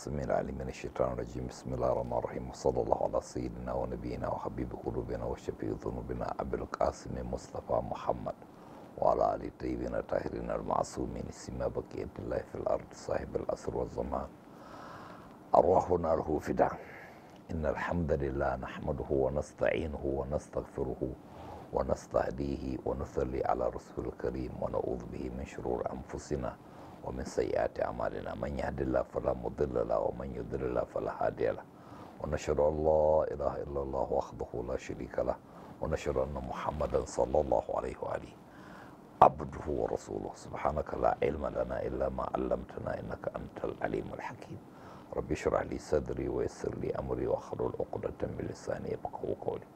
السميع العليم من الشيطان الرجيم بسم الله الرحمن الرحيم وصلى الله على سيدنا ونبينا وحبيب قلوبنا وشفيع ذنوبنا عبد القاسم مصطفى محمد وعلى آل الطيبين الطاهرين المعصومين سما بقية الله في الأرض صاحب الأسر والزمان أرواحنا له فداء إن الحمد لله نحمده ونستعينه ونستغفره ونستهديه ونصلي على رسول الكريم ونعوذ به من شرور أنفسنا ومن سيئات أعمالنا من يهد الله فلا مضل له ومن يضل له فلا هادي له ونشهد أن لا إله إلا الله وحده لا شريك له ونشهد أن محمدا صلى الله عليه وآله عبده ورسوله سبحانك لا علم لنا إلا ما علمتنا إنك أنت العليم الحكيم ربي اشرح لي صدري ويسر لي أمري واحلل عقدة من لساني يفقهوا قولي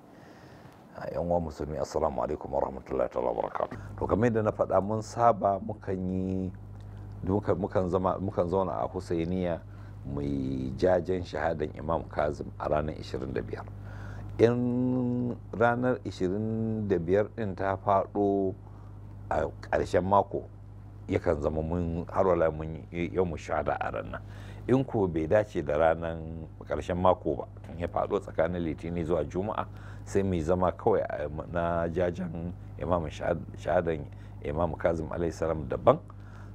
yan uwa musulmi assalamu alaikum warahmatullahi wabarakatuh barakatuh to kamar yadda na faɗa mun saba mukan yi duka mukan zauna a Husainiya mai jajen shahadan Imam Kazim a ranar 25 in ranar 25 din ta faɗo a ƙarshen mako yakan zama mun harwala mun yau mu shahada a ranar in ko bai dace da ranar ƙarshen mako ba ya faɗo tsakanin litini zuwa juma'a sai mai zama kawai na jajen imam shahadan imam kazim alaihi salam daban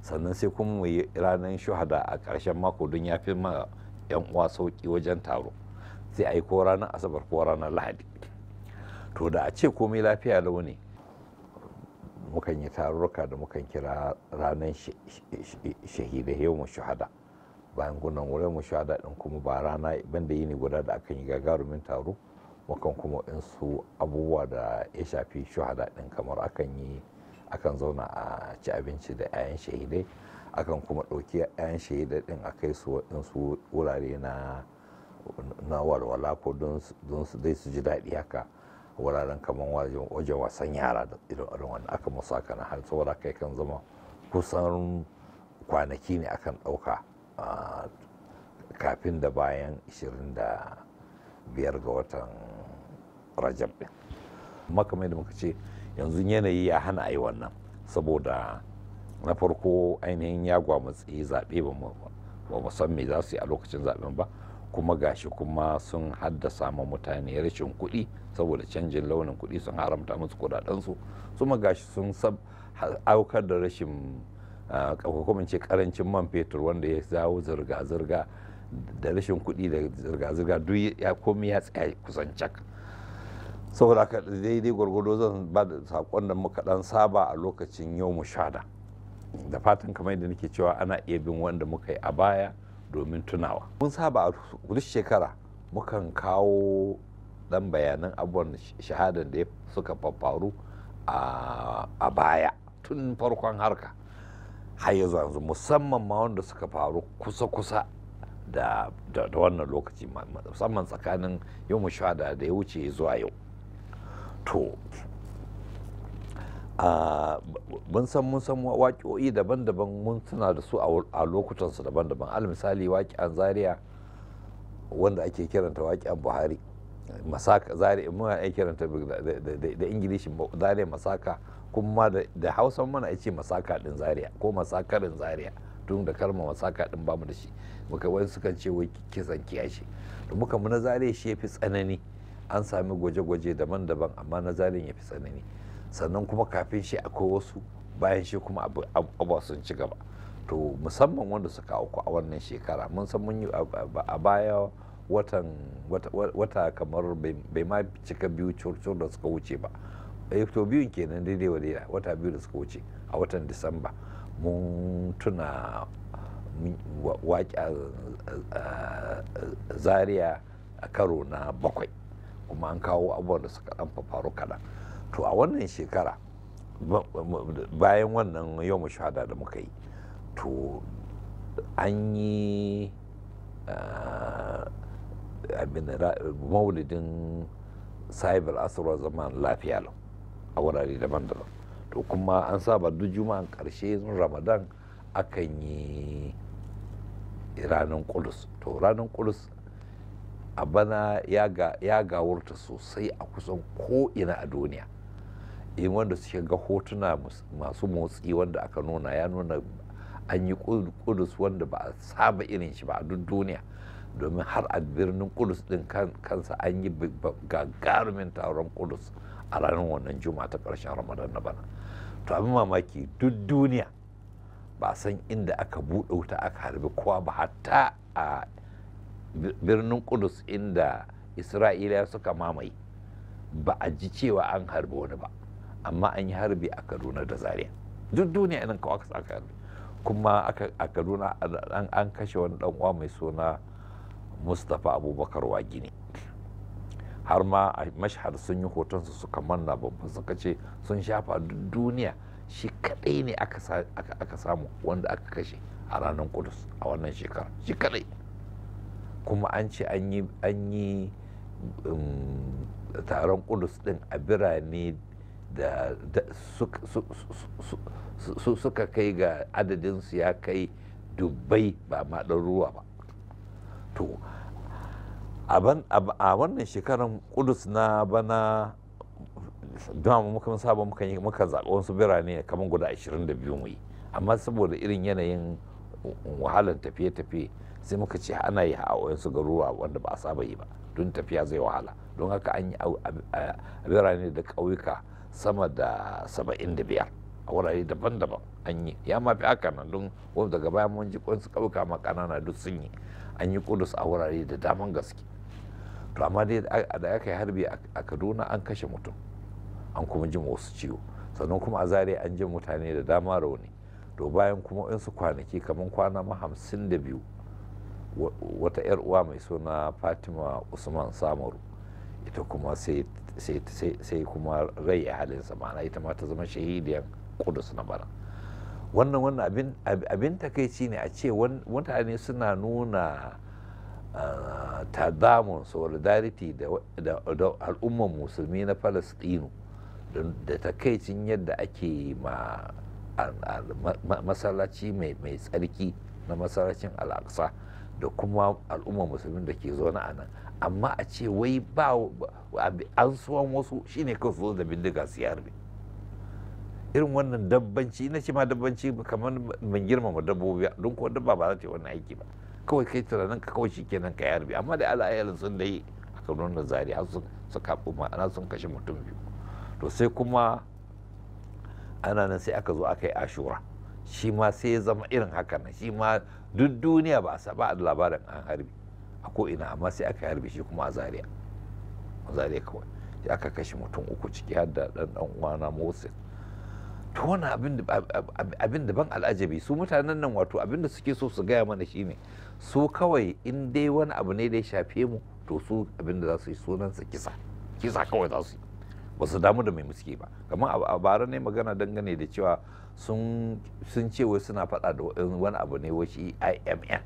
sannan sai kuma mu yi ranar shuhada a ƙarshen mako don ya fi ma 'yan uwa sauƙi wajen taro sai a yi ko ranar asabar ko ranar lahadi to da a ce komai lafiya lau ne mukan yi tarurruka da mukan kira ranar shahida yau shuhada bayan gunan wurin mu shuhada din kuma ba rana banda ne guda da akan yi gagarumin taro mukan kuma in su abubuwa da ya shafi shuhada din kamar akan yi akan zauna a ci abinci da 'ya'yan shahidai akan kuma ɗauki 'ya'yan shahidai ɗin a kai su waɗansu wurare na na walwala ko don su dai su ji daɗi haka wuraren kamar wajen wasan yara da irin wannan aka musu haka na har saboda kai kan zama kusan kwanaki ne akan ɗauka kafin da bayan 25 ga watan rajab ɗin makamai da muka ce yanzu yanayi ya hana a yi wannan saboda na farko ainihin ya gwamutse zaɓe ba mu san me za su yi a lokacin zaɓen ba kuma gashi kuma sun haddasa ma mutane rashin kuɗi saboda canjin launin kuɗi sun haramta musu kuɗaɗensu ma gashi sun aukar da rashin ah, kuma ce karancin man fetur wanda ya zawo zirga-zirga da rashin kuɗi da zirga-zirga duk ya komi ya tsaya kusan cak saboda haka daidai gwargwado zan ba da sakon da muka dan saba a lokacin yau mu shada da fatan kamar da nake cewa ana iya bin wanda muka yi a baya domin tunawa mun saba a duk shekara mukan kawo dan bayanan abubuwan shahadar da suka faru a baya tun farkon harka har yanzu musamman ma wanda suka faru kusa-kusa da wannan lokaci musamman tsakanin yau mu shahada da ya wuce zuwa yau to mun san mun san waƙoƙi daban-daban mun suna da su a lokutansu daban-daban al misali an zaria wanda ake kiranta an buhari masaka zari muna ake kiranta da ingilishi zaria masaka kuma da hausa mana ya ce masaka din zaria ko masakarin zaria tun da kalmar masaka din bamu da shi muka wani sukan ce wai kisan kiyashi da muka muna zaria shi ya fi tsanani an sami gwaje-gwaje daban-daban amma na zalin ya fi tsanani sannan kuma kafin shi akwai wasu bayan shi kuma abuwa sun ci gaba to musamman wanda suka auku a wannan shekara mun san mun yi a baya watan wata kamar bai ma cika biyu cocin da suka wuce ba eh, to biyun kenan daidai wa wata biyu da suka wuce a watan disamba mun tuna waƙa zaria a karo na bakwai kuma an kawo abubuwan da suka dan faru kaɗan to a wannan shekara bayan wannan yau shahada da muka yi to an yi eh, maulidin sahibar asirwa zaman lafiya lau a wurare daban-daban to kuma an saba duk juma'an karshe ramadan akan yi ranar kulus to ranar kulus a bana ya gawarta sosai a kusan ko'ina a duniya in wanda suke ga hotuna masu motsi wanda aka nuna ya nuna an yi kudus wanda ba a saba irin shi ba a duk duniya domin har a birnin kudus din kansa an yi gagarumin taron kudus a ranar wannan juma ta ƙarshen ramadan na bana to abin mamaki duk duniya ba san inda aka buɗe wuta aka harbi kowa ba hatta a birnin kudus inda isra'ila suka mamaye ba a ji cewa an harbi wani ba amma an yi harbi a kaduna da zaria duk duniya nan kawai aka harbi kuma a kaduna an kashe wani dan uwa mai suna mustapha abubakar wagini har ma a mashahar sun yi hotonsa suka manna babban suka ce sun shafa duk duniya shi kadai ne aka samu wanda aka kashe a ranar kudus a wannan shekara shi kadai kuma an ce an yi um, taron kudus din a birane da suka kai ga adadinsu ya kai dubbai ba ma ruwa ba to a wannan shekarar kudus na bana dama muka saba muka yi muka wasu birane kamar guda 22 mu amma saboda irin yanayin wahalar tafiye-tafiye sai muka ce ana yi a wayansu garuruwa wanda ba a saba yi ba don tafiya zai wahala don haka an yi a birane da ƙauyuka sama da saba'in da biyar a wurare daban-daban an yi ya ma fi haka nan don wanda daga baya mun ji kwansu ƙauyuka ma kanana duk sun yi an yi kudus a wurare da daman gaske to amma dai da aka yi harbi a kaduna an kashe mutum an kuma jin wasu ciwo sannan kuma a zare an ji mutane da dama rauni to bayan kuma in kwanaki kamar kwana ma hamsin da biyu wata 'yar uwa mai suna fatima usman samaru ita kuma sai kuma rai a halinsa ma'ana ita ma ta zama shahidiyan kudus na bara wannan wannan abin takaici ne a ce mutane suna nuna ta ah, tadamun solidarity da al'ummar musulmi na palestinu da takaicin yadda ake ma masallaci mai tsarki na masallacin al'aqsa da kuma al'ummar musulmin da ke zaune a nan amma a ce wai ba an suwan wasu shine kan su da bindiga su yarbe irin wannan dabbanci na ce ma dabbanci kamar mai girmama dabbobi don kuwa dabba ba za ta yi wannan aiki ba kawai kai tunanin ka kawai shi kenan ka yarbe amma da ala ayyalin sun da yi a kanun zari har sun suka ana sun kashe mutum biyu to sai kuma ana nan sai aka zo aka yi ashura shi ma sai ya zama irin haka na. shi ma duk duniya ba a ba labarin an harbi a ko ina amma sai aka harbi shi kuma a Zariya. a zariya kawai ya aka kashe mutum uku ciki har da dan dan uwana Moses to wani abin da ban al'ajabi su mutanen nan wato abin da suke so su gaya mana shine su kawai in dai wani abu ne da ya shafe mu to su abin da za su yi su kisa kisa kawai za su yi ba su damu da mai muske ba kamar a bara ne magana dangane da cewa sun ce wai suna faɗa da wani abu ne wai shi imn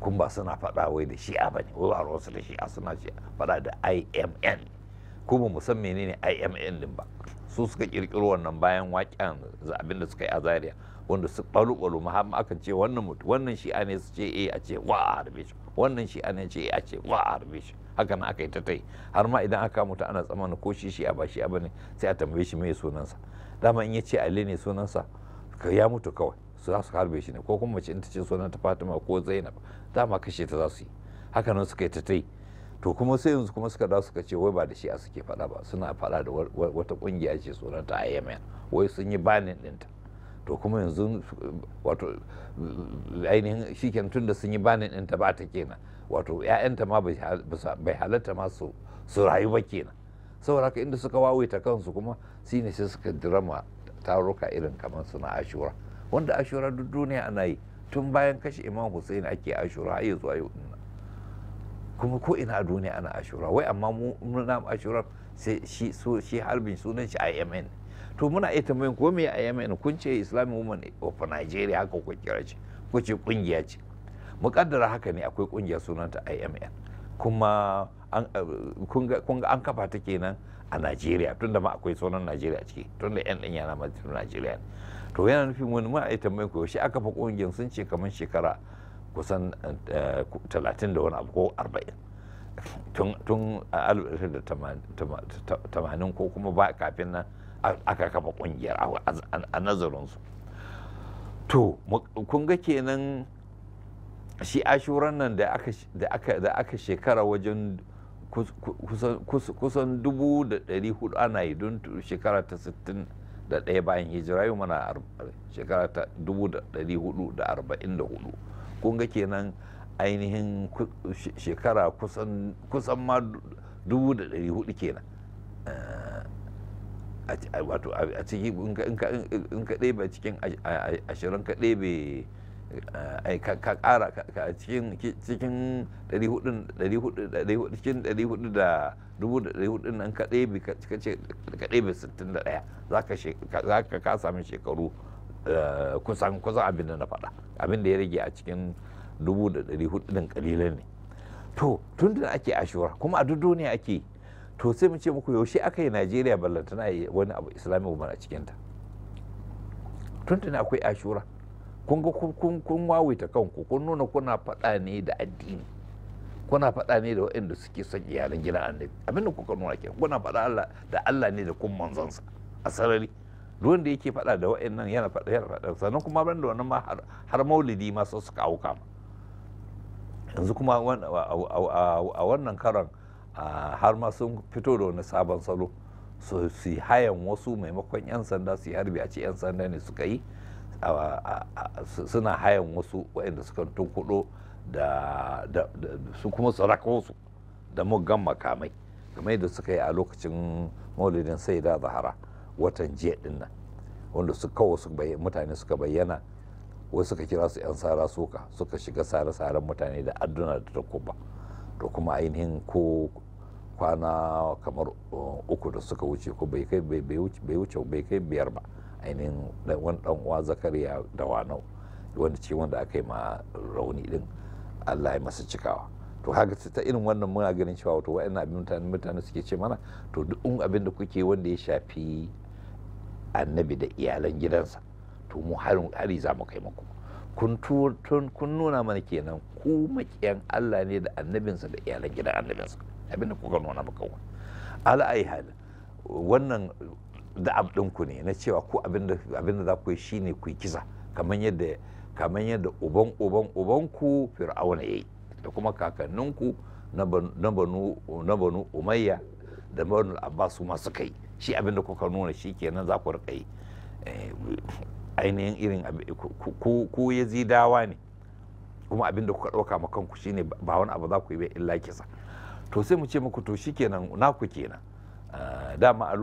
kun ba suna faɗa wai da shi'a ba ne wai ba ruwansu da shi'a suna faɗa da imn kuma mu ne menene imn din ba su suka kirkiro wannan bayan waƙen abin da suka yi a zaria wanda su balu balu ma aka ce wannan mutu wannan shi'a ne su ce eh a ce wa a harbe shi wannan shi'a ne ce eh, a ce wa a harbe shi haka nan aka yi ta tai har ma idan aka mutu ana tsammani ko shi shi'a ba shi'a ba ne sai a tambaye shi me sunansa dama in ya ce alle ne sunansa ka ya mutu kawai su za su harbe shi ne ko kuma mace in ta ce sunan ta fatima ko zainab dama kashe ta za su yi haka nan suka yi ta tai to kuma sai yanzu kuma suka da suka ce wai ba da shi a suke faɗa ba suna faɗa da wata ƙungiya ce sunan ta IMN wai sun yi banin ɗinta to kuma yanzu wato ainihin shiken tun da sun yi banin ɗinta ba ta kenan wato 'ya'yanta ma bai halatta ma su rayu ba kenan saboda haka inda suka wawaita kansu kuma ne sai suka dirama taruka irin kamar su na ashura wanda ashura duk duniya ana yi tun bayan kashe imam hussein ake ashura har yanzu ayo kuma ko ina a duniya ana ashura wai amma mu muna ashura sai shi harbin sunan shi IMN to muna iya tambayin ko me IMN kun ce Islamic Women of Nigeria haka ku kira ce kungiya ce mukaddara haka ne akwai kungiya sunanta IMN kuma eh, kun ga an kafa ta kenan a najeriya tun da ma akwai sauran najeriya ciki tun da 'yan ɗan yana majalisar najeriya ne to yana nufin wani ma a yi tambayin ko shi aka fa kungiyar sun ce kamar shekara kusan eh, talatin da wani abu ko arba'in tun a da tamanin ko kuma ba kafin nan aka kafa kungiyar a nazarinsu to kun ga kenan shi ashuran nan da aka shekara wajen kusan dubu da ɗari hudu ana yi don shekara ta sittin da ɗaya bayan hijira yau mana shekara ta dubu da ɗari hudu da arba'in da hudu kun ga kenan ainihin shekara kusan ma dubu da ɗari hudu kenan eh, wato a cikin in ka ɗebe cikin ashirin ka ɗebe Eh, ka ƙara ka cikin cikin 400 cikin 400 da dubu da dari hudu nan ka ɗebe ka ce ka ɗebe sittin da ɗaya za ka ka sami shekaru eh, kusan kusan abin da na faɗa abin da ya rage a cikin dubu da dari hudu ɗin ƙalilan ne to tun da ake ashura kuma a duk duniya ake to sai mu ce muku yaushe aka yi najeriya ballantana wani abu islamic a cikinta tun da akwai ashura kun ga kun wawita kanku kun nuna kuna faɗa ne da addini kuna faɗa ne da waɗanda suke son iyalan gidan annabi da kuka nuna ke kuna faɗa Allah da Allah ne da kun manzansa a sarari duk da yake faɗa da waɗannan yana faɗa yana faɗa sannan kuma ban da wannan ma har maulidi ma sai suka auka yanzu kuma a wannan karan har ma sun fito da wani sabon salo su hayan wasu maimakon 'yan sanda su yi harbi a ce 'yan sanda ne suka yi suna hayan wasu waɗanda suka tunkuɗo da su kuma su wasu da muggan makamai game da suka yi a lokacin maulidin sai da zahara watan jiya din nan wanda su kawo mutane suka bayyana wasu suka kira su 'yan sara suka suka shiga sare-saren mutane da adduna da takuba to kuma ainihin ko kwana kamar uh, uku da suka wuce ko bai bai wuce bai kai biyar ba ainihin wani dan uwa zakariya da wanau wanda ce wanda aka yi ma rauni din allah ya masa cikawa to haka ta irin wannan muna ganin cewa wato wa'annan abin mutane mutane suke ce mana to duk abin da kuke wanda ya shafi annabi da iyalan gidansa to mu harin hari za mu kai muku kun kun nuna mana kenan ku makiyan Allah ne da annabinsa da iyalan gidan annabinsa abinda kuka nuna muka wani ala ai wannan da'ab ɗinku ne na cewa ku abinda za ku yi shine ku yi kisa kamar yadda kamar yadda uban uban ubanku fir'auna yayi yi da kuma kakanninku na banu umayya da banu abbas su masu kai shi abinda kuka nuna shi kenan za ku rika yi eh, ainihin irin ku ya zidawa ne kuma abinda kuka ɗauka ma kanku shine ba wani abu za ku yi ba illa kisa to sai mu ce muku to shikenan naku kenan Ah, dama a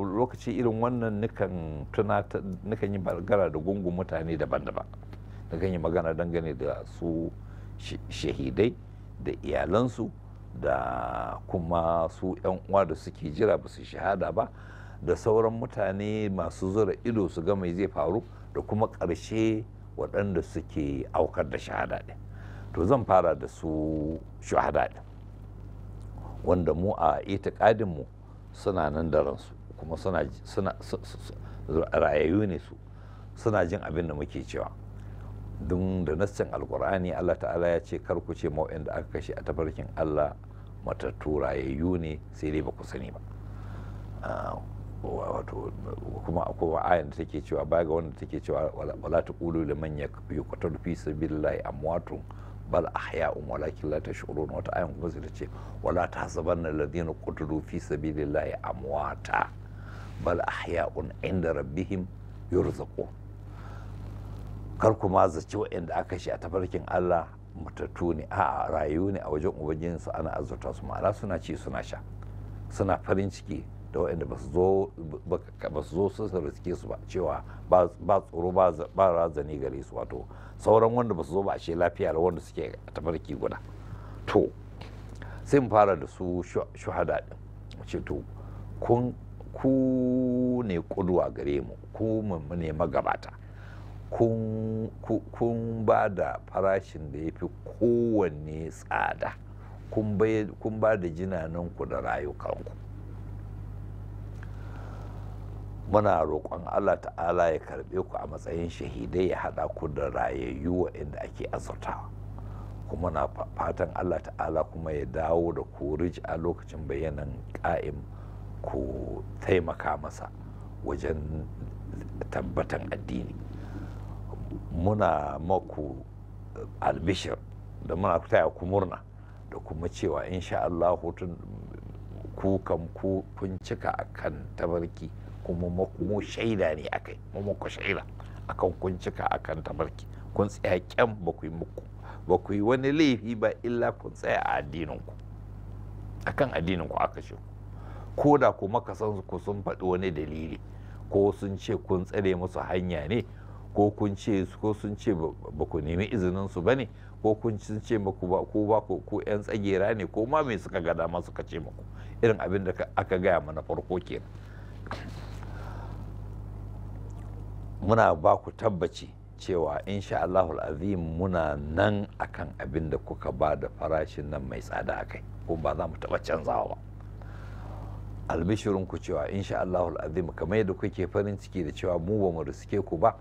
lokaci irin wannan nukan tunata nukan yi magana da gungun mutane daban-daban nukan yi magana dangane da su shahidai da iyalansu da kuma su 'yan uwa da suke jira ba su shahada ba da sauran mutane masu zura ido su ga mai zai faru da kuma ƙarshe waɗanda suke aukar da shahada ɗin to zan fara da su shahada ɗin wanda mu a itikadinmu suna nan da ransu kuma suna rayayyu ne su suna jin abin da muke cewa don da nascin alkur'ani allah ta'ala ya ce kar ku ce ma'o'in da aka kashe a tafarkin allah matattu rayayyu ne sai dai ba ku sani ba ah, wato kuma akwai ayan da take cewa baya ga wanda take cewa wala da liman yaqtalu fi amma wato. bal um walakin la tash'urun wata ayan kuma sai ta ce wala tahsabanna alladhina qutilu fi sabilillahi amwata bal ahya'un inda rabbihim yurzaqun kar kuma zaci waɗanda aka shi a tabarkin Allah matattu ne a rayu ne a wajen ubangijinsu ana azurta su ma'ana suna ci suna sha suna farin ciki da waɗanda ba su zo sun riske su ba cewa ba tsoro ba razani gare su wato sauran wanda ba su zo ba a lafiya da wanda suke a tafarki guda to sai mu fara da su shuhada ɗin ce to ku ne kuduwa gare mu ku ne magabata kun ba da farashin da ya fi kowanne tsada kun ba da jinananku da rayukanku muna roƙon Allah ta'ala ya karɓe ku a matsayin shahidai ya haɗa ku da rayayyu inda ake azurtawa kuma na fatan Allah ta'ala kuma ya dawo da ku a lokacin bayanan ƙa'im ku taimaka masa wajen tabbatan addini muna maku albishir da muna taya ku murna da kuma cewa insha Allah hutun ku kan ku kun cika akan tabarki kuma mu shaida ne a kai mu muku shaida akan kun cika akan tabarki kun tsaya kyan ba ku yi muku ba ku yi wani laifi ba illa kun tsaya a addininku akan addininku aka ce ko da ku san ku sun faɗi wani dalili ko sun ce kun tsare musu hanya ne ko kun ce ko sun ce ba ku nemi izinin su bane ko kun sun ce muku ba ko ba ko yan tsagera ne ko ma me suka ga dama suka ce muku irin abin da aka gaya mana farko kenan muna ba ku tabbaci cewa insha Allah azim muna nan akan abin da kuka ba da farashin nan mai tsada a kai ko ba za mu taɓa canzawa ba albishirin ku cewa insha Allah azim kamar yadda kuke farin ciki da cewa mu ba mu riske ku ba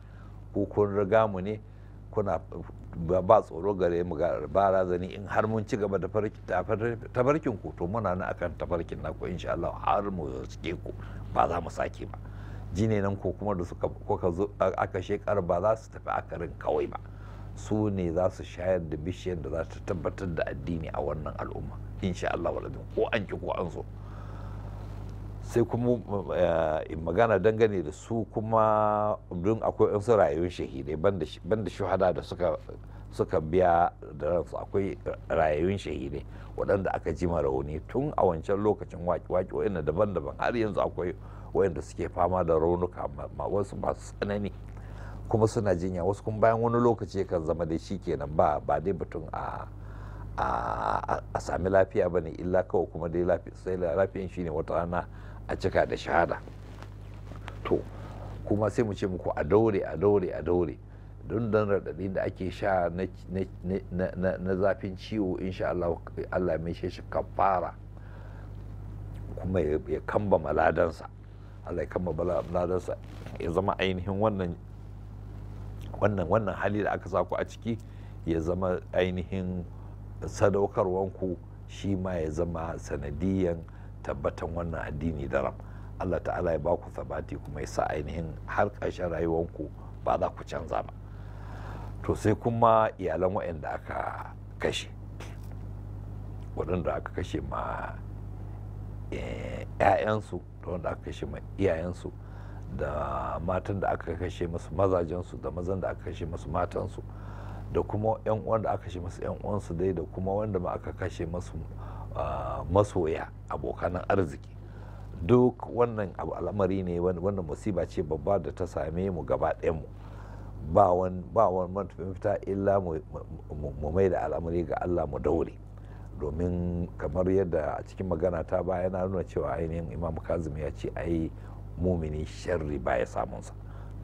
ku kun riga mu ne kuna ba tsoro gare mu ga zani in har mun ci gaba da tafarkin ku to muna nan akan tafarkin naku insha Allah har mu riske ku ba za mu sake ba jine nan ko kuma da suka kuka zo aka shekar ba za su tafi akarin kawai ba su ne za su shayar da bishiyar da za ta tabbatar da addini a wannan al'umma insha Allah walazim ko an ki ko an zo sai kuma eh, in magana dangane da su kuma don akwai yan su rayuwar shahidai banda shuhada da suka suka biya da ransu akwai rayuwar shahidai waɗanda aka ji rauni tun a wancan lokacin waƙi-waƙi daban-daban har yanzu akwai waɗanda suke fama da raunuka wasu masu tsanani kuma suna jinya wasu kuma bayan wani lokaci kan zama da shi kenan ba ba dai mutum a a sami lafiya ba ne illa kawai kuma dai lafiyan shi ne wata rana a cika da shahada to kuma sai mu ce muku a daure a daure a daure don dan raɗaɗi da ake sha na zafin ciwo insha Allah Allah mai shi kafara kuma ya kamba maladansa Allah ya kama bala abnadarsa ya zama ainihin wannan wannan wannan hali da aka saku a ciki ya zama ainihin sadaukarwanku shi ma ya zama sanadiyan tabbatan wannan addini da daram Allah ta'ala ya baku sabati kuma ya sa ainihin har ƙarshen rayuwanku ba za ku canza ba to sai kuma iyalan waɗanda aka kashe waɗanda aka kashe ma 'ya'yansu eh, da wanda aka kashe iyayensu da matan da aka kashe masu mazajensu da mazan da aka kashe masu matansu da kuma 'yan uwan da aka kashe masu 'yan uwansu dai da kuma wanda ma aka kashe masu masoya abokanan arziki duk wannan al'amari ne wanda musiba ce babba da ta same mu gaba mu ba wani fita illa mu mai da al'amari ga Allah mu daure domin kamar yadda a cikin magana ta baya na nuna cewa ainihin imam kazumi ya ce ai mumini sharri ya samunsa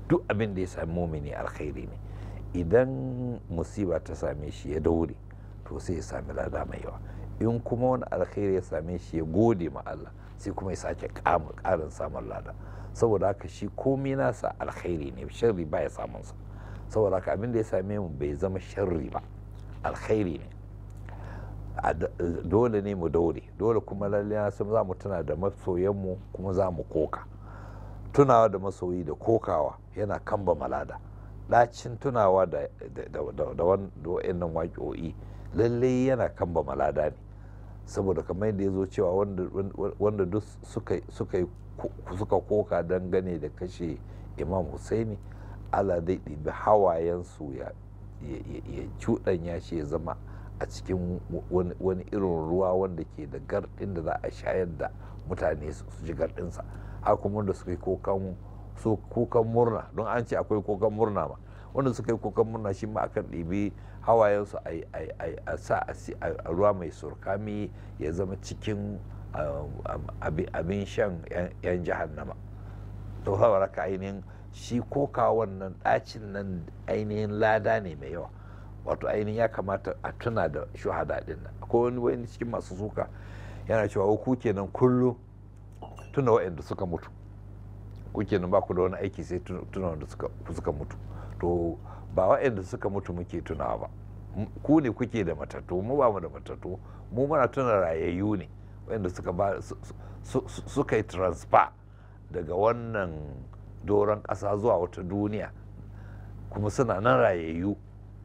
duk abin da ya sami mumini alkhairi ne idan musiba ta same shi ya daure to sai ya sami lada mai yawa in kuma wani alkhairi ya same shi ya gode ma Allah sai kuma ya sake karin samun lada saboda haka shi komi nasa alkhairi ne sharri ya samunsa saboda haka abin da ya same mu bai zama sharri ba alkhairi ne dole ne mu daure dole kuma lalle sun za mu tuna da masoyanmu kuma za mu koka tunawa da masoyi da kokawa yana kamba malada ɗacin tunawa da wa'annan waƙo'i lalle yana kamba malada ne saboda kamar yadda ya zo cewa wanda duk suka koka gane da kashe imam husaini allah zai ɗibi hawayensu ya cuɗanya shi ya zama a cikin wani irin ruwa wanda ke da gardin da za a shayar da mutane su ji gardinsa har kuma wanda suka yi kokan murna don an ce akwai kokan murna ma wanda suka yi kukan murna shi ma akan ɗibi hawayensu a sa a ruwa mai surkami ya zama cikin um, abin shan 'yan jahannama to haka ainihin shi koka wannan ɗacin nan ainihin lada ne mai yawa wato ainihin ya kamata a tuna da shuhada din nan akwai wani wani cikin masu suka yana cewa ku kenan kullum tuna waɗanda suka mutu ku kenan ba ku da wani aiki sai tuna wanda suka mutu to ba waɗanda suka mutu muke tunawa ba ku ne kuke da matattu mu ba mu da matattu mu muna tuna rayayyu ne waɗanda suka ba suka yi transfer daga wannan doron ƙasa zuwa wata duniya kuma suna nan rayayyu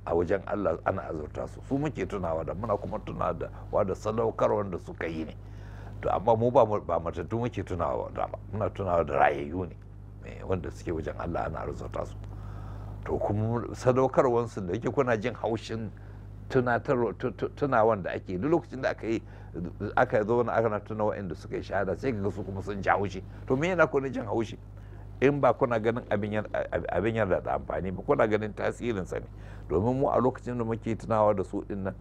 a wajen Allah ana azurta su su muke tunawa da muna kuma tuna da wada sadaukarwar da suka yi ne to amma mu ba matattu muke tunawa da ba muna tunawa da rayayyu ne wanda suke wajen Allah ana azurta su to kuma wansu da yake kuna jin haushin tunawan da ake duk lokacin da aka yi aka zo na aka tuna wa'anda suka yi shahada sai ka ga su kuma sun ji haushi to me yana kuna jin haushi in ba kuna ganin abin yana da amfani ba kuna ganin tasirinsa ne domin mu a lokacin da muke tunawa da su din nan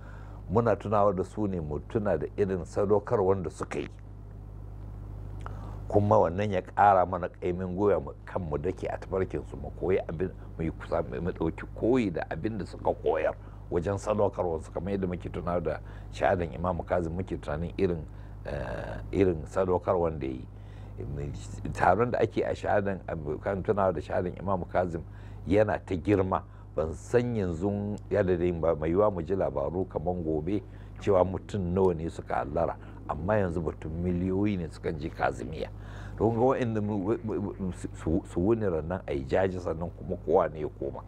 muna tunawa da su ne mu tuna da irin sadaukar wanda suka yi kuma wannan ya kara mana ƙaimin goya mu kanmu dake a su mu koyi abin mu yi kusa mu koyi da abin da suka koyar wajen sadaukar wasu kamar yadda muke tunawa da sha'adin imamu kazi muke tunanin irin eh, irin sadaukar wanda ya yi taron da ake a shahadan abokan tunawa da shahadan imam kazim yana ta girma ban san yanzu yadda da ba mai yiwa mu ji labaru kamar gobe cewa mutum nawa ne suka hallara amma yanzu batun miliyoyi ne suka je kazimiya don ga wa'inda su wuni rannan a yi jaji sannan kuma kowa ne ya koma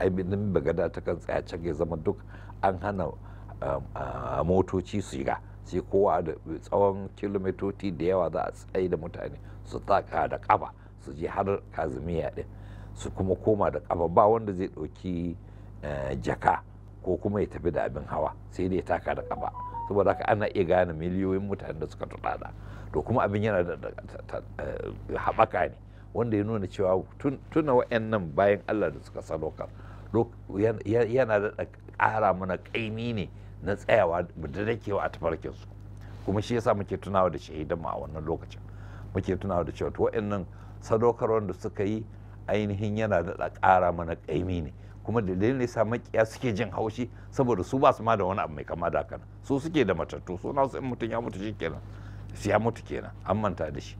ai bindin bagada ta kan tsaya can ya zama duk an hana um, motoci su shiga sai kowa da tsawon kilomitoci da yawa za a tsaye da mutane su taka da kafa su je har kazumiya din su kuma koma da kafa ba wanda zai ɗauki eh, jaka ko kuma ya tafi da abin hawa sai dai taka da kafa saboda haka ana iya gane miliyoyin mutane da suka tuɗaɗa to kuma abin yana da eh, haɓaka ne wanda ya nuna cewa tuna wa'annan bayan allah da suka sadaukar yana da ƙara mana ƙaimi ne na tsayawa da dakewa a su kuma shi yasa muke tunawa da shahidanmu a wannan lokacin muke tunawa da cewa to waɗannan sadaukarwar da suka yi ainihin yana daɗa ƙara mana ƙaimi ne kuma dalilin ne sa makiya suke jin haushi saboda su ba su ma da wani abu mai kama da haka su suke da matattu su su in mutum ya mutu shi kenan su ya mutu kenan an manta da shi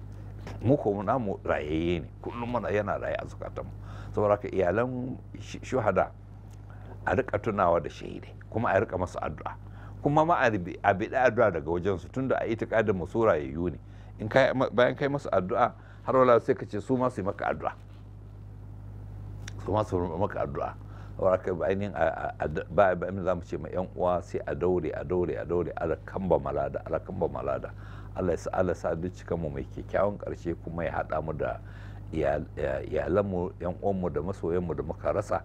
mu ko mu rayayye ne kullum mana yana raye a zukatanmu saboda haka iyalan shuhada a rika tunawa da shahidai kuma a rika masa addu'a kuma ma a biɗi addu'a daga wajensu tunda a itikadin sura ya yi ne in bayan kai masa addu'a har wala sai ka ce su ma su yi maka addu'a su ma su maka addu'a wala kai ainihin ba ba za mu ce ma yan uwa sai a daure a daure a daure ala kamba malada ala kamba malada Allah ya Allah sa duk mu mai kyakkyawan karshe kuma ya hada mu da iyalanmu yan uwanmu da masoyanmu da muka rasa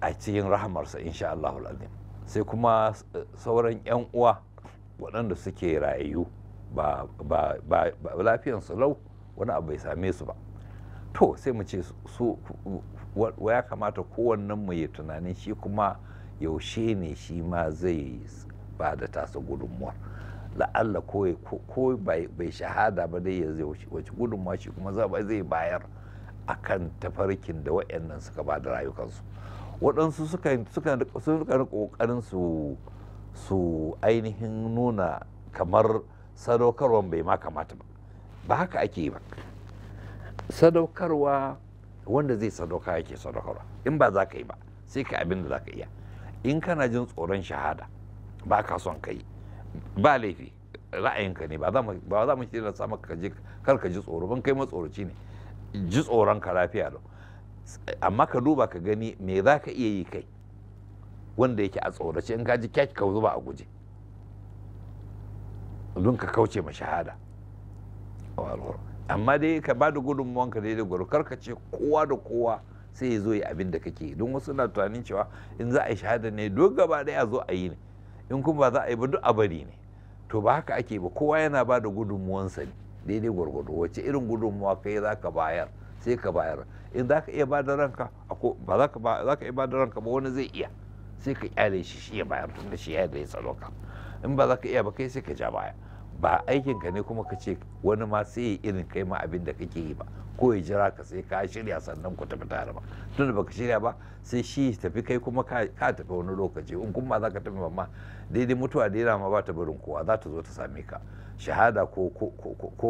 a cikin rahamarsa insha Allah azim sai kuma eh, sauran 'yan uwa waɗanda suke rayu ba lafiyansu lau wani abu bai same su ba to sai mu ce su ya kamata kowannen mu ya tunanin shi kuma yaushe ne shi ma zai ba da tasa gudunmuwa la'alla ko bai shahada ba dai ya wace gudunmuwa shi kuma zai bayar akan tafarkin da waɗannan suka ba da rayukansu waɗansu suka yi ƙoƙarin su su ainihin nuna kamar sadaukarwa bai ma kamata ba ba haka ake yi ba sadaukarwa wanda zai sadauka yake sadaukarwa in ba za ka yi ba sai ka abin da za ka iya in kana jin tsoron shahada ba ka son ka yi ba laifi ra'ayinka ne ba za mu shi da maka kar ka ji tsoro ban kai matsoroci ne ji tsoron ka lafiya lau amma ka duba ka gani me za ka iya yi kai wanda yake a tsorace in ka ji kyaki ka zuba a guje don ka kauce ma shahada amma dai ka ba da gudunmuwan ka daidai gwaro kar ka ce kowa da kowa sai ya zo ya abin da kake don wasu na tunanin cewa in za a yi shahada ne duk gaba ɗaya zo a yi ne in kuma ba za a yi ba duk a bari ne to ba haka ake ba kowa yana ba da gudunmuwansa ne daidai gwargwado wacce irin gudunmuwa kai za ka bayar sai ka bayar in za ka iya ba da ranka ba za ka iya ba da ranka ba wani zai iya sai ka kyale shi shi ya bayar tun da shi ya da ya tsaro ka in ba za ka iya ba kai sai ka ja baya ba aikinka ne kuma ka ce wani ma sai ya irin kai ma abin da kake yi ba ko ya jira ka sai ka shirya sannan ku tafi tare ba tun da baka shirya ba sai shi tafi kai kuma ka tafi wani lokaci in kuma za ka tafi mamma daidai mutuwa da yana ma ba ta barin kowa za ta zo ta same ka shahada ko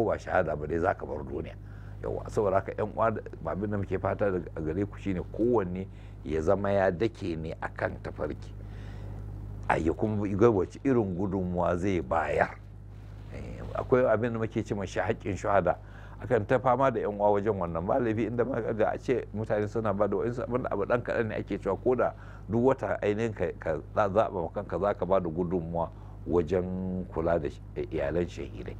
ba shahada ba dai za ka bar duniya yawa saboda haka yan uwa abin da muke fata a gare ku shine kowanne ya zama ya dake ne akan tafarki a kuma kuma wace irin gudunmuwa zai bayar eh, akwai abin da muke ce shi haƙƙin shahada akan ta fama da yan uwa wajen wannan ba laifi inda ma ga a ce mutane suna ba da wa'insu abin abu dan kaɗan ne ake cewa ko da duk wata ainihin ka zaɓa kanka za ka ba da gudunmuwa wajen kula da eh, iyalan shahidai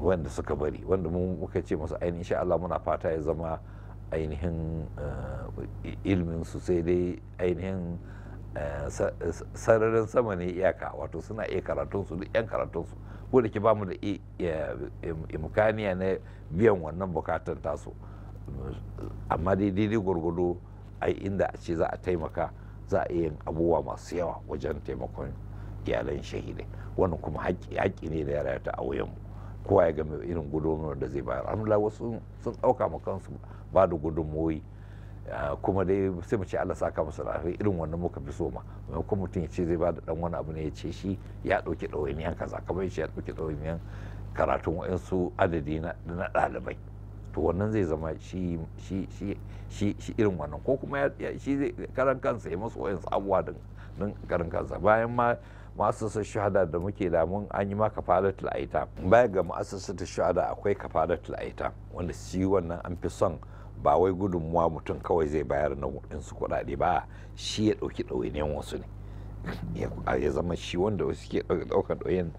wanda suka bari wanda mu muka ce masu ainihin insha Allah muna fata ya zama ainihin eh, ilmin su sai dai ainihin eh, sararin sama ne iyaka wato suna iya karatun su duk yan karatun su ko da ke bamu da imkaniya na biyan wannan bukatan tasu amma dai daidai gwargwado ai inda a ce za a taimaka za a yin abubuwa masu yawa wajen taimakon iyalan shahidai wannan kuma haƙƙi ne da ya rayata a wuyanmu kowa ya game irin gudunmuwar da zai bayar alhamdulillah wasu sun ɗauka ma kansu ba da gudunmuwoyi ah, kuma dai sai mu ce Allah saka masa lafiya irin wannan muka fi so ma maimakon mutum ya ce zai ba da ɗan wani abu ne ya ce shi ya ɗauki ɗawainiyan kaza kamar ya ce ya ɗauki ɗawainiyan karatun waɗansu adadi na ɗalibai to wannan zai zama shi irin wannan ko kuma shi zai karan kansa ya masu waɗansu abubuwa don karan kansa bayan ma ma'asasar shahada da muke lamun an yi ma kafaratul aita baya ga ma'asasar shahada akwai kafaratul aita wanda shi wannan an fi son ba wai gudunmuwa mutum kawai zai bayar na su kuɗaɗe ba shi ya ɗauki ne wasu ne ya zama shi wanda wasu ke ɗaukar ɗoyin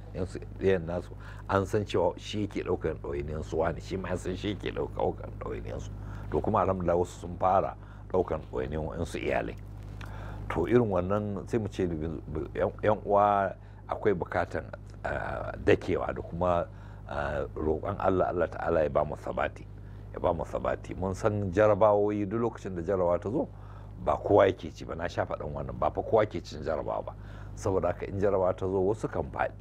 nasu an san cewa shi ke ɗaukar ɗoyin su wani shi ma san shi ke ɗaukar ɗoyin su to kuma alhamdulillah wasu sun fara ɗaukar ɗoyin su iyalai to irin wannan sai mu ce yan uwa akwai bukatan dakewa da kuma roƙon Allah Allah ta'ala ya ba mu sabati ya ba mu sabati mun san jarabawoyi duk lokacin da jarabawa ta zo ba kowa yake ci ba na sha faɗin wannan ba fa kowa ke cin jarabawa ba saboda haka in jarabawa ta zo wasu kan faɗi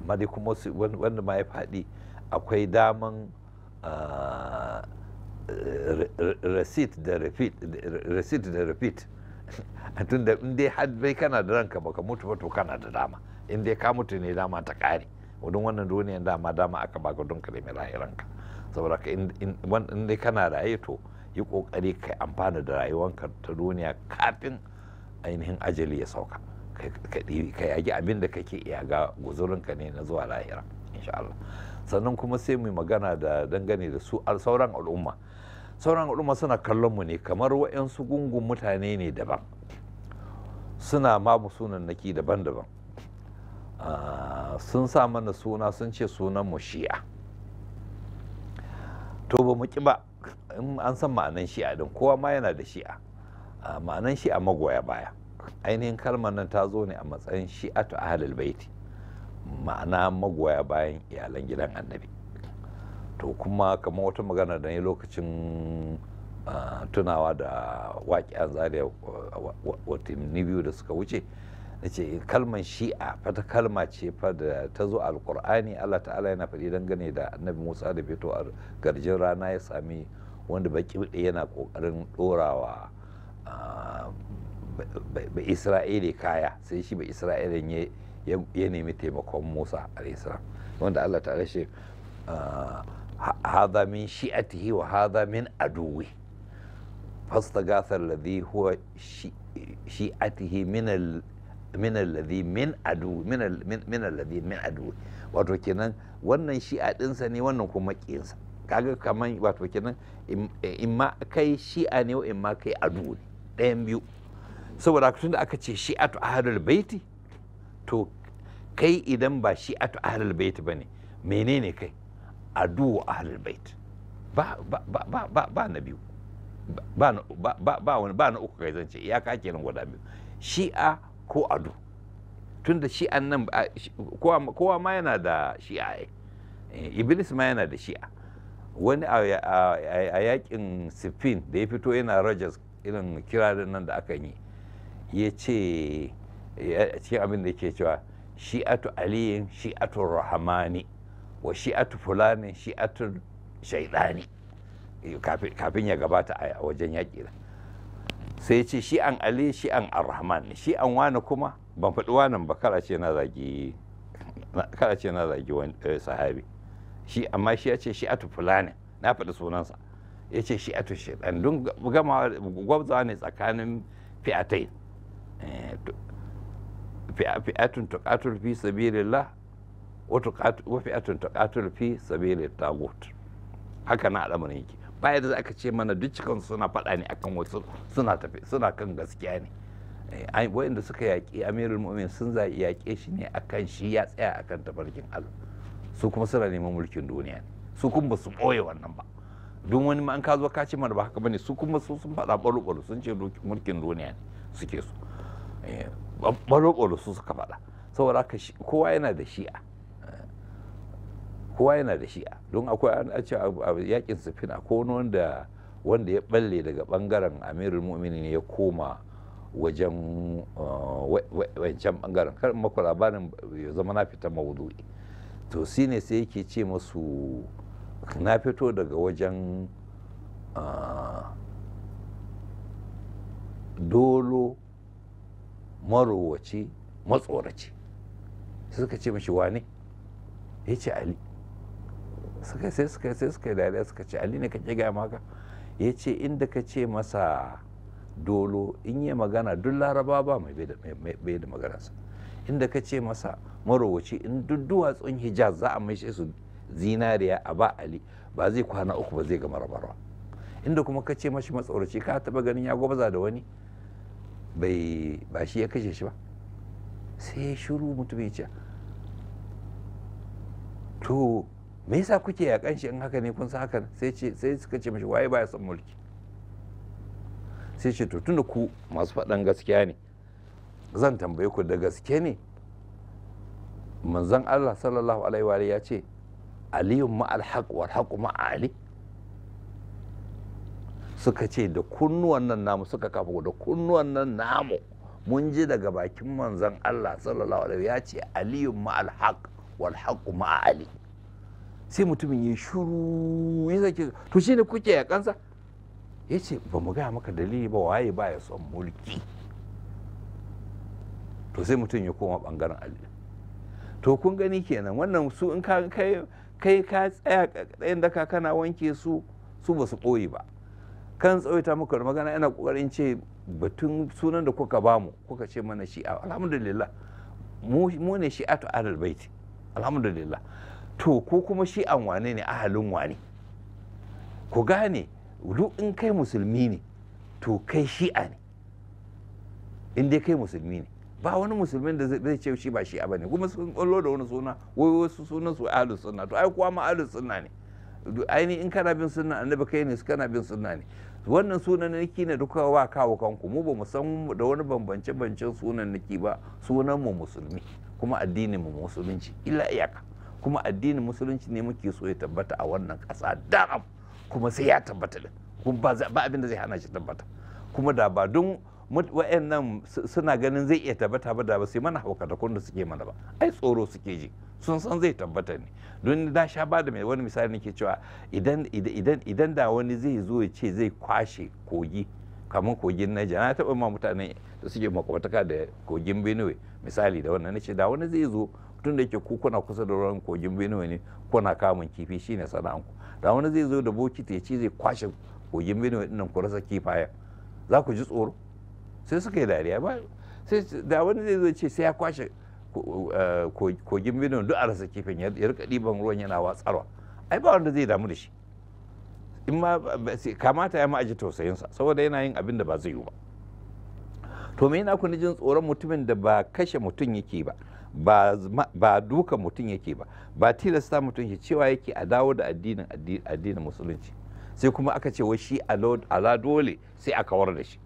amma dai kuma wanda ma ya faɗi akwai daman receipt da repeat tun da in dai har bai kana da ranka baka mutu ba to kana da dama in dai ka mutu ne dama ta kare wadun wannan duniyan dama dama aka baka don ka nemi lahiranka saboda ka in dai kana raye to yi kokari ka amfana da rayuwanka ta duniya kafin ainihin ajali ya sauka ka yagi abin da kake iya ga ka ne na zuwa lahira insha Allah sannan kuma sai mu magana da dangane da su sauran al'umma sauran al'umma suna kallon mu ne kamar wa'yansu gungun mutane ne daban suna ma mu sunannaki daban-daban ah, sun sa mana suna sun ce sunan mu shi'a to ba mu ba in an san ma'anan shi'a din kowa ma yana da shi'a ah, ma'anan shi'a magoya baya ainihin kalmar nan ta zo ne a matsayin shi'atu ahlul baiti ma'ana magoya bayan iyalan gidan annabi to kuma kamar wata magana da ne lokacin tunawa da waƙiyar zaria watanni biyu da suka wuce na ce eh, kalmar shi'a fata kalma ce fa da ta zo alkur'ani allah ta'ala yana faɗi dangane da annabi musa da fito a garjin rana ya sami wanda baki yana ƙoƙarin ɗorawa ba isra'ili kaya sai shi ba isra'ilin ya nemi taimakon musa alaihissalam wanda allah ta'ala shi هذا من شيئته وهذا من عدوه فاستغاث الذي هو شيئته من ال min alladhi min adu min min alladhi min adu wato kenan wannan shi'a dinsa ne wannan kuma makiyinsa kaga kaman wato kenan in ma kai shi'a ne in ma kai adu ne ɗayan biyu saboda tunda aka ce shi'atu ahlul baiti to kai idan ba shi'atu ahlul baiti bane menene kai adu ahlul bait ba ba ba ba ba na biyu ba wani ba na uku kai zance iyaka kenan guda biyu shi'a ko adu tunda shi'an nan kowa ma yana da shi'a eh, iblis ma yana da shi'a wani a yakin sifin da ya fito yana rajas irin kirarin nan da aka yi ya ce cikin abin da ke cewa shi'atu aliyin shi'atu rahamani wa shi'atu fulani shi'atun shaidani eh, kafin ya gabata a wajen yaƙi sai ce shi'an ali shi'an arrahman shi'an wani kuma ban faɗi wani ba kara ce na zagi ce na zagi wani eh, sahabi shi amma shi ya ce shi'atu fulani. na faɗi sunansa ya ce shi'atu shaidani. don gama gwabzawa ne tsakanin fi'atai eh, fi'atun tuqatul fi sabilillah wafi'atun katul fi sabili tagut haka na al'amarin yake baya da aka ce mana duk cikin suna faɗa ne akan wasu suna tafi suna kan gaskiya ne wayanda suka yaƙi amirul mu'min sun za yaƙe shi ne akan shi ya tsaya akan tafarkin Allah su kuma suna neman mulkin duniya ne su kuma su ɓoye wannan ba don wani ma an ka zo ka ce mana ba haka bane su kuma su sun faɗa ɓalo-ɓalo sun ce mulkin duniya ne suke su ɓalo-ɓalo su suka faɗa saboda kowa yana da shi'a kowa yana da shi don akwai an ce a yakin sufin ko wani wanda wanda ya balle daga bangaren amirul mu'minin ya koma wajen uh, wancan bangaren kar maku labarin ya zama na fita maudu'i to shi ne sai yake ce masu na fito daga wajen uh, dolo marowaci matsoraci suka ce mashi wane ya ce ali suka sai suka sai suka dariya suka ce ali ne ka gaya maka ya ce inda ka ce masa dolo in yi magana duk laraba ba mai bai da maganarsa inda ka ce masa marowaci in duk duwatsun hijaz za a maishe su zinariya a ba ali ba zai kwana uku ba zai gama rabarwa inda kuma ka ce mashi matsoraci ka taba ganin ya gwabza da wani bai ba shi ya kashe shi ba sai ya shiru mutum ya ce to me yasa kuke yakan shi in haka ne kun sa haka sai ce sai suka ce mishi waye baya son mulki sai ce to tunda ku masu faɗan gaskiya ne zan tambaye ku da gaske ne manzon Allah sallallahu alaihi wa ya ce aliyun ma alhaq wal haqu ma ali suka ce da kunnuwan nan namu suka kafa da kunnuwan nan namu mun ji daga bakin manzon Allah sallallahu alaihi ya ce aliyun ma alhaq wal haqu ma ali sai mutumin ya shuru ya zaki to shi ne kuke ya kansa ya ce ba mu gaya maka dalili ba waye ba ya son mulki to sai mutum ya koma bangaren Ali. to kun gani kenan wannan su in ka kai ka tsaya ɗayan daka kana wanke su su ba su ɓoye ba kan tsawaita muka da magana yana ƙoƙarin ce batun sunan da kuka bamu kuka ce mana shi alhamdulillah mu ne shi ta adal baiti alhamdulillah to ko kuma shi an wane ne ahalin wane ku gane duk in kai musulmi ne to kai shi'a ne in dai kai musulmi ne ba wani musulmin da zai ce shi ba shi'a bane kuma sun kwallo da wani suna wai wasu sunan su ahlus sunna to ai kuwa ma ahlus sunna ne aini in kana bin sunna annabi kai ne kana bin sunna ne wannan sunan niki ne duka wa kawo kanku mu ba mu san da wani bambance bancen sunan niki ba sunan mu musulmi kuma addinin mu musulunci illa iyaka kuma addinin musulunci ne muke so ya tabbata a wannan ƙasa daram kuma sai ya tabbata din kuma ba abin da zai hana shi tabbata kuma da ba don wa'annan suna ganin zai iya tabbata ba da ba sai mana hauka da suke mana ba ai tsoro suke ji sun san zai tabbata ne don da sha ba da wani misali nake cewa idan idan idan da wani zai zo ya ce zai kwashe kogi kamar kogin Niger na taɓa ma mutane da suke makwataka da kogin Benue misali da wannan nace da wani zai zo tun da yake ku kuna kusa da ruwan kogin benue ne kuna kamun kifi shine sana'anku da wani zai zo da bokiti ya ce zai kwashe kogin benue din nan ku rasa kifaya. za ku ji tsoro sai suka yi dariya ba sai da wani zai zo ce sai ya kwashe eh, kogin benue duk a rasa kifin ya rika diban ruwan yana watsarwa ai ba wanda zai damu da shi in ma kamata ya ma aji tausayinsa saboda yana yin abin da ba zai yi ba to me yana ku jin tsoron mutumin da ba kashe mutum yake ba ba duka mutum yake ba ba tilasta mutum ya cewa yake a dawo da addinin addinin musulunci sai kuma aka ce shi ala dole sai a kawar da shi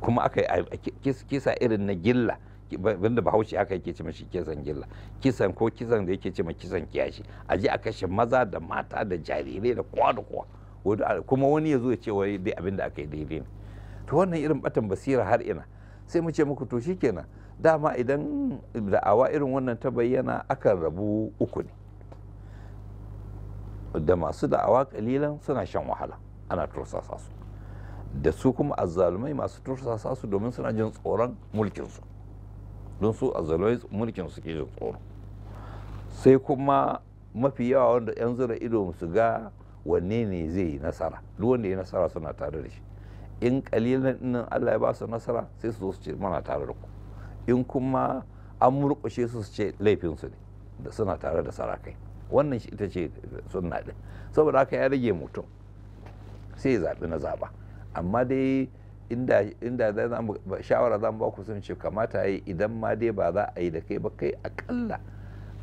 kuma aka yi kisa irin na gilla wanda bahaushe aka yake ce mashi kisan gilla kisan ko kisan da yake ce ma kisan kiyashi a je a kashe maza da mata da jarirai da kowa da kowa kuma wani ya zo ya ce wai dai abin da aka yi daidai ne to wannan irin batan basira har ina sai mu ce muku to shi kenan. dama idan da'awa irin wannan ta bayyana akan rabu uku ne da masu da'awa kalilan suna shan wahala ana tursasa su da su kuma azzalumai masu tursasa su domin suna jin tsoron mulkinsu don su azzalumai mulkin su jin tsoro sai kuma mafi yawa wanda 'yan zura ido su ga wanne ne zai yi nasara duk wanda ya nasara suna tare da shi in kalilan nan Allah ya ba su nasara sai su zo su ce mana tare da ku in kuma an murƙushe su ce ce laifinsu ne da suna tare da sarakai wannan shi ita ce sunna ɗin saboda haka ya rage mutum sai ya zaɓi na zaɓa amma dai inda inda shawara zan ba ku sun ce kamata yi idan ma dai ba za a yi da kai ba kai akalla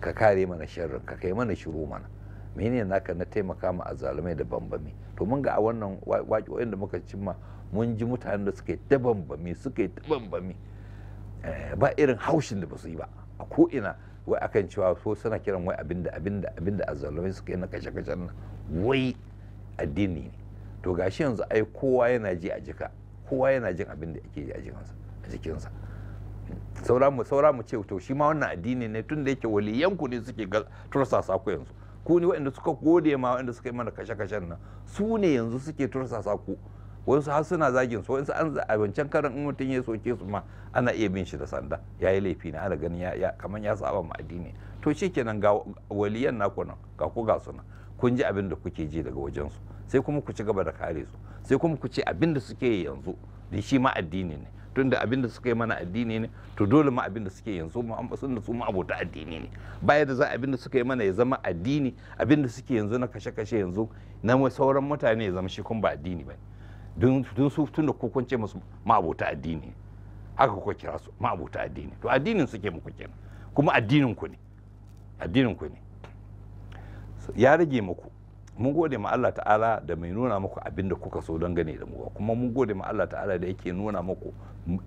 ka kare mana sharrin ka kai mana shiru mana menene naka na taimaka ma a azzalumai da bambami to mun ga a wannan waƙi da muka cimma mun ji mutanen da suke ta bambami suke ta bambami Eh, ba irin haushin da ba su yi ba a ko'ina wai akan cewa so suna kiran wai abinda abinda abinda azzalumai suka yi na kashe kashe nan wai addini ne to gashi yanzu ai kowa yana ji a jika kowa yana jin abin da yake ji a jikinsa a jikinsa saura mu saura mu ce to shi ma wannan addini ne tun da yake waliyanku ne suke tursasa ku yanzu ku ne waɗanda suka gode ma waɗanda suka yi mana kashe-kashen nan su ne yanzu suke tursasa ku wasu har suna zagin su wasu an a wancan karan in mutum ya soke su ma ana iya bin shi da sanda ya yi laifi na ana ganin ya kamar ya saba ma addini to shi kenan ga waliyan naku nan ga ku ga suna kun ji abin da kuke ji daga wajen su sai kuma ku ci gaba da kare su sai kuma ku ce abin da suke yanzu da shi ma addini ne tunda abin da suka mana addini ne to dole ma abin da suke yanzu mu an da su ma abota addini ne baya da za abin da suka mana ya zama addini abin da suke yanzu na kashe-kashe yanzu na sauran mutane ya zama shi kun ba addini ba don su tun da ko kun musu ma'abota addini haka kuka kira su ma'abota addini to addinin suke muku kenan kuma addinin ku ne addinin ku ne ya rage muku mun gode ma Allah ta'ala da mai nuna muku abinda kuka so don gane da mu kuma mun gode ma Allah ta'ala da yake nuna muku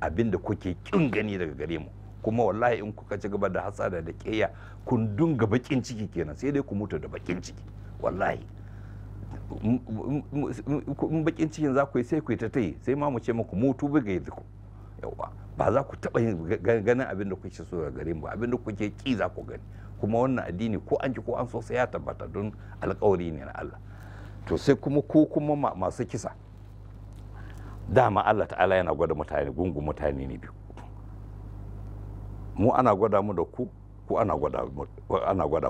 abinda kuke kin gani daga gare mu kuma wallahi in kuka ci gaba da hasada da keya kun dunga bakin ciki kenan sai dai ku mutu da bakin ciki wallahi in bakin cikin za ku yi sai ku yi ta yi sai ma mu ce muku mutu ga yanzu ku yawa ba za ku taɓa yin ganin abin da kuke so daga gare mu abin da kuke ki za ku gani kuma wannan addini ko an ki ko an so sai ya tabbata don alkawari ne na Allah to sai kuma ko kuma masu kisa dama Allah ta'ala yana gwada mutane gungun mutane ne biyu mu ana gwada mu da ku ku ana gwada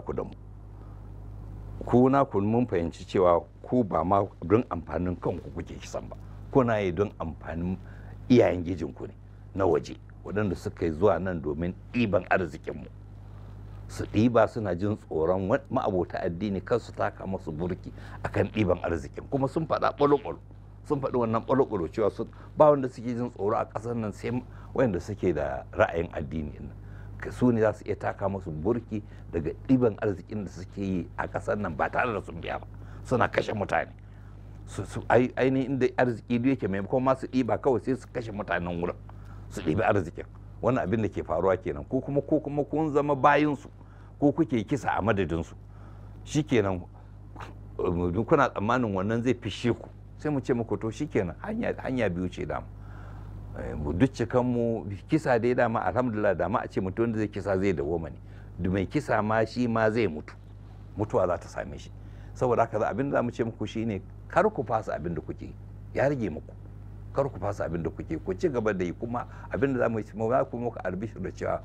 ku da mu ku na kun mun fahimci cewa ko ba ma don amfanin kanku kuke san ba kuna yi don amfanin iyayen gijinku ne na waje waɗanda suka yi zuwa nan domin ɗiban arzikinmu su ɗiba suna jin tsoron ma'abota addini kan su taka masu burki akan ɗiban arzikin kuma sun faɗa ɓalo-ɓalo sun faɗi wannan ɓalo-ɓalo cewa su ba wanda suke jin tsoro a ƙasar nan sai wanda suke da ra'ayin addini su ne za su iya taka masu burki daga ɗiban arzikin da suke yi a ƙasar nan ba tare da sun biya ba suna kashe mutane su ainihin inda arziki duk yake maimakon ma su ɗiba kawai sai su kashe mutanen wurin su ɗiba arzikin wannan abin da ke faruwa kenan ko kuma ko kuma kun zama su ko kuke kisa a madadinsu shikenan um, kuna tsammanin wannan zai fishe ku sai mu ce muku to shikenan hanya hanya biyu ce da eh, mu duk cikan mu kisa dai dama alhamdulillah dama a ce mutum da zai kisa zai dawo ne mai kisa ma shi ma zai mutu mutuwa za ta same shi saboda haka abin da mu ce muku shine kar ku fasa abin da kuke ya rage muku kar ku fasa abin da kuke ku ci gaba da yi kuma abin da za mu yi mu za ku muku albishir da cewa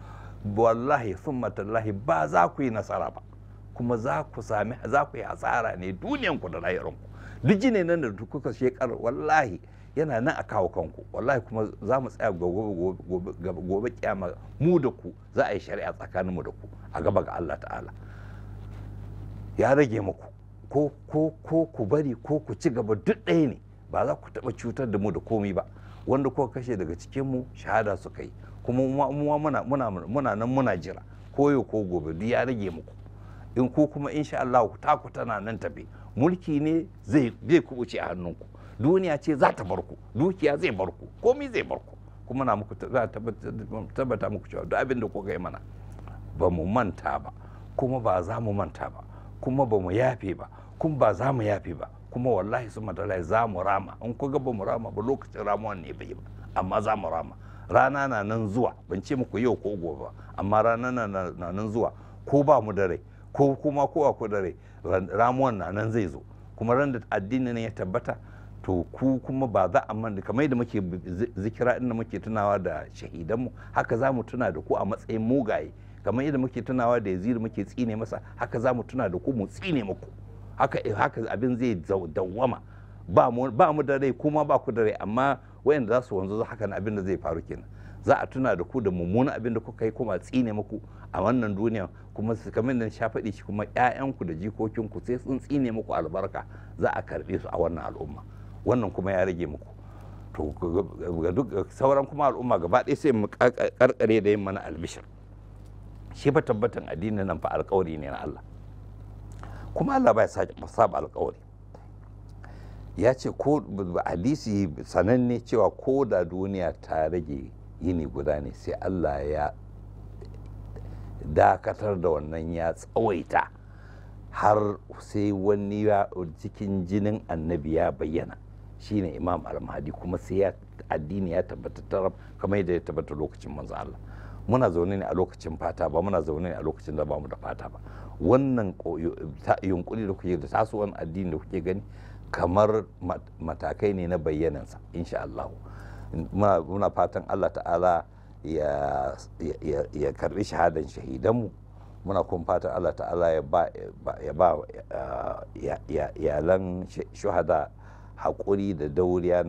wallahi summa tallahi ba za ku yi nasara ba kuma za ku sami za ku yi asara ne duniyan ku da rayuwar ku duk jine nan da kuka shekar wallahi yana nan a kawo kanku wallahi kuma za mu tsaya gobe kyama mu da ku za a yi shari'a tsakaninmu da ku a gaba ga Allah ta'ala ya rage muku ko ko ko ku bari ko ku ci gaba duk ɗaya ne ba za ku taɓa cutar da mu da komai ba wanda kuka kashe daga cikin mu shahada su kai kuma muna muna nan muna jira yau ko gobe duk ya rage muku in ku kuma insha Allah ku taku tana nan tafe mulki ne zai zai kubuce a hannunku duniya ce za ta bar ku dukiya zai bar ku komai zai bar ku kuma na muku za ta tabbata muku cewa duk abin da kuka yi mana ba mu manta ba kuma ba za mu manta ba kuma ba mu yafe ba kun ba za mu yafi ba kuma wallahi su matalai za mu rama in ku ga ba mu rama ba lokacin ramuwan ne bai ba amma za mu rama rana na nan zuwa ban ce muku yau ko gobe ba amma rana na nan zuwa ko ba mu dare ko kuma ko a ku dare ramuwan na nan zai zo kuma ran da addini ne ya tabbata to ku kuma ba za a manta kamar yadda muke zikira inda muke tunawa da shahidanmu haka za mu tuna da ku a matsayin mugaye kamar yadda muke tunawa da yaziri muke tsine masa haka za mu tuna da ku mu tsine muku haka eh, haka abin zai dawwama ba mu da rai kuma ba ku da rai amma wayanda za su wanzu hakan abin da zai faru kenan za a tuna da ku da mummuna abin da kuka yi kuma tsine muku a wannan duniya kuma su kamar nan sha faɗi shi kuma ƴaƴanku da jikokinku sai sun tsine muku albarka za a karɓe su a wannan al'umma wannan kuma ya rage muku to ga duk sauran kuma al'umma gaba ɗaya sai mu karkare da yin mana albishir shi fa tabbatan addinin nan fa alƙawari ne na Allah kuma Allah ba saba alkawari ya ce ko hadisi sananne cewa ko da duniya ta rage yini guda ne sai Allah ya dakatar da wannan ya tsawaita har sai wani cikin jinin annabi ya bayyana shine imam al-mahdi kuma sai ya addini ya tabbata kamar yadda ya tabbata lokacin manzo Allah muna zaune ne a lokacin fata ba muna zaune ne a lokacin da ba mu da fata ba wannan yunkuri da kuke da tasowan addini da kuke gani kamar matakai ne na bayyanansa insha Allah muna fatan Allah ta'ala ya karbi shahadan shahidanmu muna kuma fatan Allah ta'ala ya ba iyalan shahada haƙuri da dauriya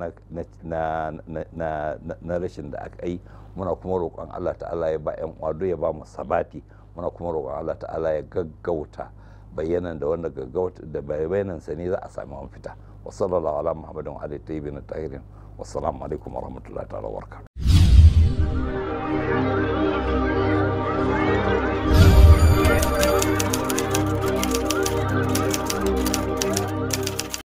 na rashin da aka yi muna kuma roƙon Allah ta'ala ya ba 'yan ya ba mu sabati muna kuma roƙon Allah ta'ala ya gaggauta bayyanan da wanda gaggauta da bayyanan sa ne za a samu mafita wa sallallahu ala muhammadin wa alihi tayyibin tahirin wassalamu alaikum wa rahmatullahi ta'ala wa barakatuh